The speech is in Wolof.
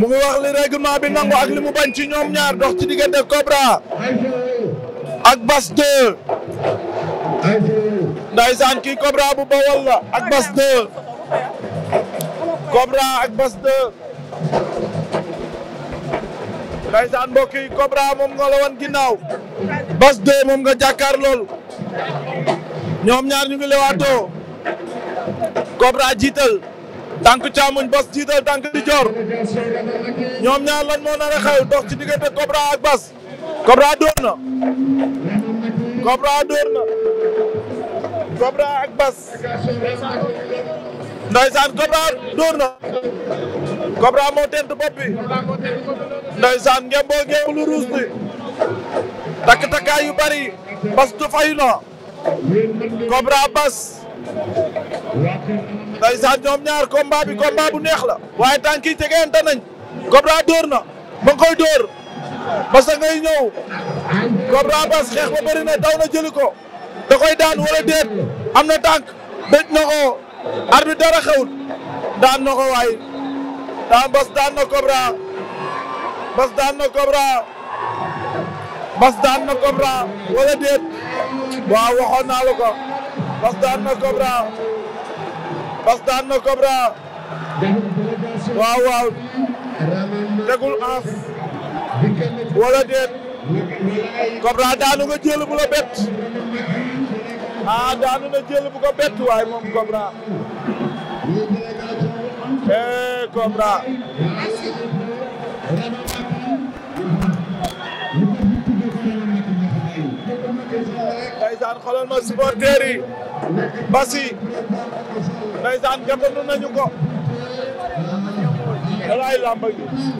mu ngi wax li règlement bi nangu ak li mu bañ ci ñoom ñaar dox ci diggante Cobra ak Bass 2 ndaysaan kii Cobra bu Bawol la ak Bass 2 Cobra ak Bass 2 ndaysaan mbokk yi Cobra moom nga la woon ginnaaw Bass 2 moom nga jàkkaar lool ñoom ñaar ñu ngi lewaatoo Cobra jiital tànk càmmuñ bas jiital tànk di joor ñoom ñaar lan moo a xew dox ci diggante Cobra ak ak bas ndeysaan Cobra dóor na Cobra moo tent bopp bi ndeysaan ngemboo ngeew lu ruus bi takk takkaay yu bas du na Cobra bas ndeysaan ñoom ñaar combat bi combat bu neex la waaye tànk yi jegeente nañ Cobra dóor na koy dóor basa ngay ñëw Cobra Bass xeex ba bëri na na jëli ko da koy daan wala déet am na tànk bëj na ko dara xewul daan na ko waay daan daan na Cobra Bass daan na Cobra Bass daan na Cobra wala déet waaw waxoon naa Bass daan na Cobra Bass daan na Cobra waaw waaw tegul ans wala déet Cobra daanu nga jël bu la bett ah daanu na jël bu ko bett waaye moom Cobra eh Cobra ndeysaan xoolal ma supporter yi basi ndeysaan gàttandu nañu ko da lay làmb